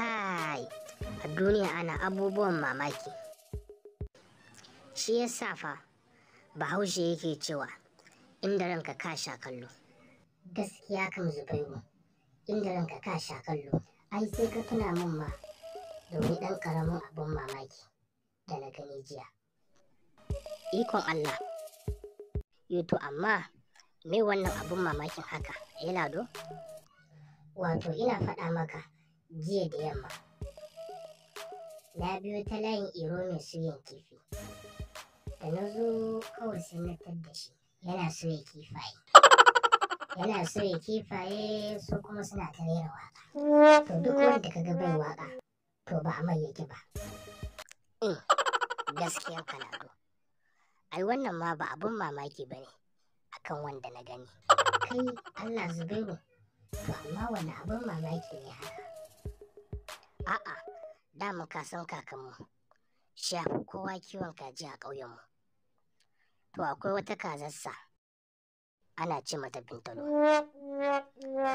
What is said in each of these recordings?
kai a duniya ana abubuwan mamaki shi ya safa bahaushe yake cewa inda ranka ka sha kallo gaskiya kan zubairu inda ranka ka sha kallo ai sai ka tuna min ma domin ɗan ƙaramin abin mamaki da na gani jiya ikon allah yato amma me wannan abin mamakin haka ya lado wato ina faɗa maka jiya da yamma na biyo ta layin iro mai suyan kifi da na zo kawai sai na da shi yana ya kifaye yana soya kifaye su kuma suna ta rera waka to duk wanda ka ga bai waka to ba a mai yake ba mm, gaskiya kanado ai wannan ma ba abun mamaki ba ne akan wanda na gani kai allah zubairu to amma wani abin mamaki ne haka A'a, da ka san kakanmu, shi ya kowa kiwon kaji a ƙauyenmu. To akwai wata kazarsa, ana ce mata bintalo.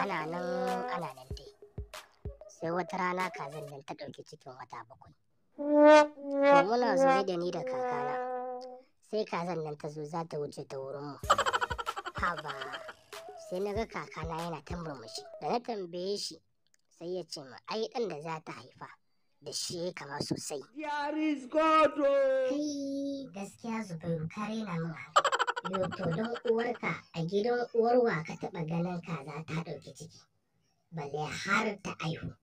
Ana nan ana nan dai. Sai wata rana kazan nan ta ɗauki cikin wata bakwai. To muna zaune da ni da kakana, sai kazan nan ta zo za ta wuce ta wurinmu. Haba, sai na ga kakana yana ta murmushi, da na tambaye shi sai ya ce ma ai ɗan da za ta haifa da shi ya sosai. Yaris Godo! Kai gaskiya Zubairu kare na min Yo to don uwarka a gidan uwarwa ka taɓa ganin kaza ta ɗauki ciki. Balle har ta aihu.